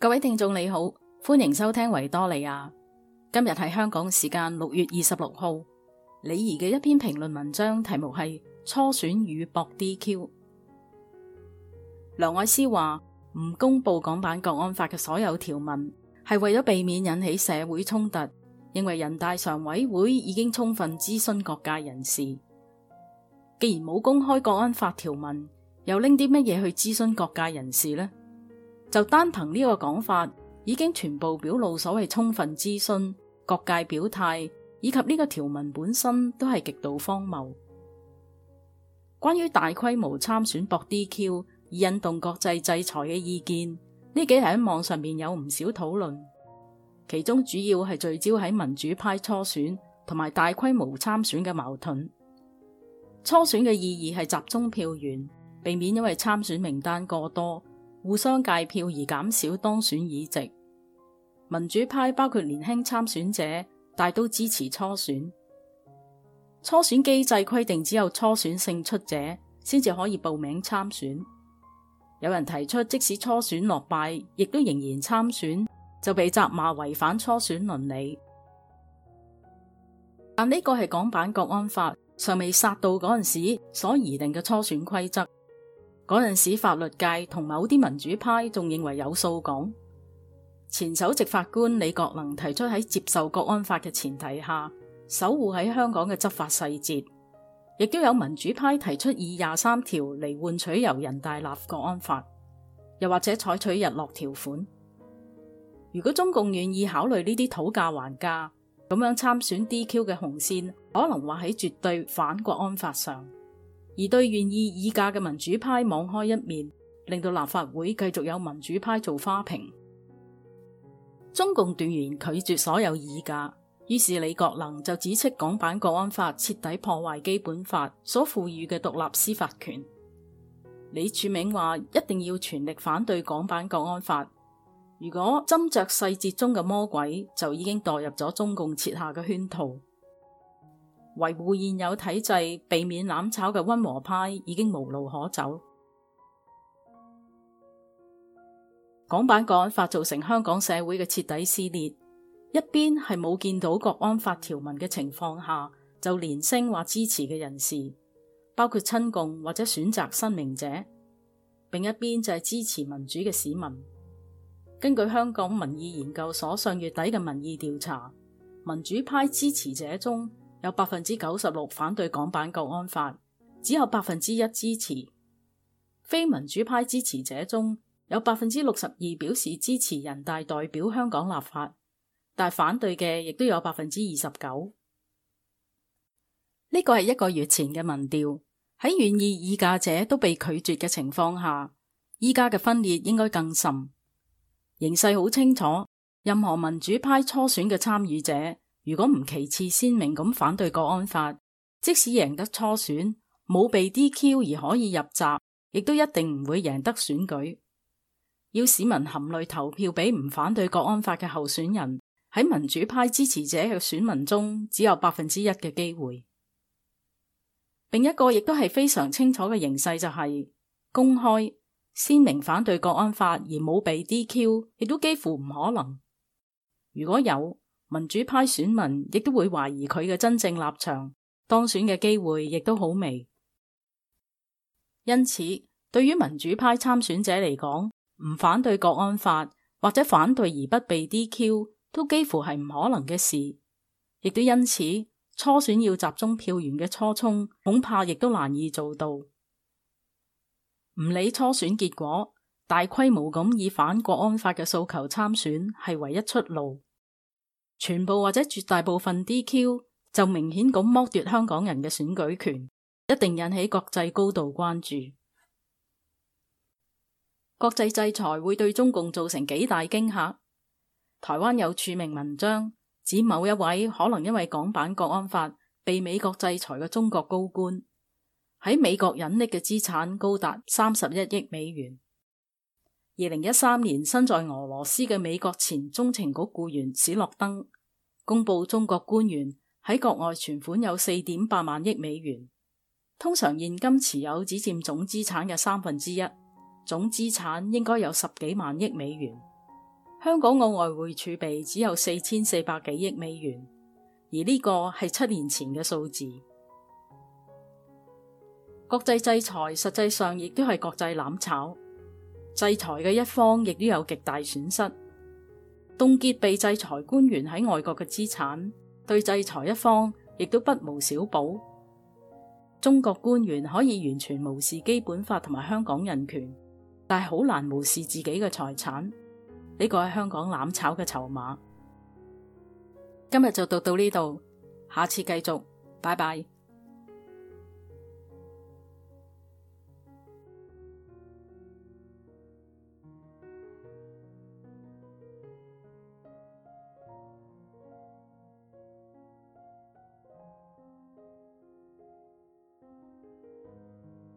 各位聽眾你好，歡迎收聽維多利亞。今日係香港時間六月二十六號，李怡嘅一篇評論文章題目係初選與博 DQ。梁愛詩話唔公布港版國安法嘅所有條文，係為咗避免引起社會衝突，認為人大常委會已經充分諮詢各界人士。既然冇公開國安法條文，又拎啲乜嘢去諮詢各界人士呢？就單憑呢個講法，已經全部表露所謂充分諮詢、各界表態，以及呢個條文本身都係極度荒謬。關於大規模參選博 DQ 而引動國際制裁嘅意見，呢幾日喺網上面有唔少討論，其中主要係聚焦喺民主派初選同埋大規模參選嘅矛盾。初選嘅意義係集中票源，避免因為參選名單過多。互相界票而減少當選議席，民主派包括年輕參選者，大都支持初選。初選機制規定只有初選勝出者先至可以報名參選。有人提出，即使初選落敗，亦都仍然參選，就被責罵違反初選倫理。但呢個係港版國安法尚未殺到嗰陣時所擬定嘅初選規則。嗰陣時，法律界同某啲民主派仲認為有數講，前首席法官李國能提出喺接受國安法嘅前提下，守護喺香港嘅執法細節，亦都有民主派提出以廿三條嚟換取由人大立國安法，又或者採取日落條款。如果中共願意考慮呢啲討價還價，咁樣參選 DQ 嘅紅線，可能話喺絕對反國安法上。而對願意議價嘅民主派網開一面，令到立法會繼續有民主派做花瓶。中共斷言拒絕所有議價，於是李國能就指出港版國安法徹底破壞基本法所賦予嘅獨立司法權。李柱銘話：，一定要全力反對港版國安法。如果斟酌細節中嘅魔鬼，就已經墮入咗中共設下嘅圈套。維護現有體制，避免攬炒嘅温和派已經無路可走。港版國安法造成香港社會嘅徹底撕裂，一邊係冇見到國安法條文嘅情況下就連聲話支持嘅人士，包括親共或者選擇新明者，另一邊就係支持民主嘅市民。根據香港民意研究所上月底嘅民意調查，民主派支持者中，有百分之九十六反對港版國安法，只有百分之一支持。非民主派支持者中有百分之六十二表示支持人大代表香港立法，但反對嘅亦都有百分之二十九。呢個係一個月前嘅民調，喺願意議價者都被拒絕嘅情況下，依家嘅分裂應該更甚。形勢好清楚，任何民主派初選嘅參與者，如果唔旗幟鮮明咁反對國安法，即使贏得初選，冇被 DQ 而可以入閘，亦都一定唔會贏得選舉。要市民含淚投票俾唔反對國安法嘅候選人，喺民主派支持者嘅選民中，只有百分之一嘅機會。另一個亦都係非常清楚嘅形勢就係，公開鮮明反對國安法而冇被 DQ，亦都幾乎唔可能。如果有。民主派選民亦都會懷疑佢嘅真正立場，當選嘅機會亦都好微。因此，對於民主派參選者嚟講，唔反對國安法或者反對而不被 DQ，都幾乎係唔可能嘅事。亦都因此，初選要集中票源嘅初衷，恐怕亦都難以做到。唔理初選結果，大規模咁以反國安法嘅訴求參選係唯一出路。全部或者絕大部分 DQ 就明顯咁剝奪香港人嘅選舉權，一定引起國際高度關注。國際制裁會對中共造成幾大驚嚇。台灣有署名文章指某一位可能因為港版國安法被美國制裁嘅中國高官，喺美國隱匿嘅資產高達三十一億美元。二零一三年，身在俄羅斯嘅美國前中情局僱員史諾登公布，中國官員喺國外存款有四點八萬億美元，通常現金持有只佔總資產嘅三分之一，總資產應該有十幾萬億美元。香港嘅外匯儲備只有四千四百幾億美元，而呢個係七年前嘅數字。國際制裁實際上亦都係國際攬炒。制裁嘅一方亦都有極大損失，凍結被制裁官員喺外國嘅資產，對制裁一方亦都不無小補。中國官員可以完全無視基本法同埋香港人權，但係好難無視自己嘅財產。呢個係香港攬炒嘅籌碼。今日就讀到呢度，下次繼續，拜拜。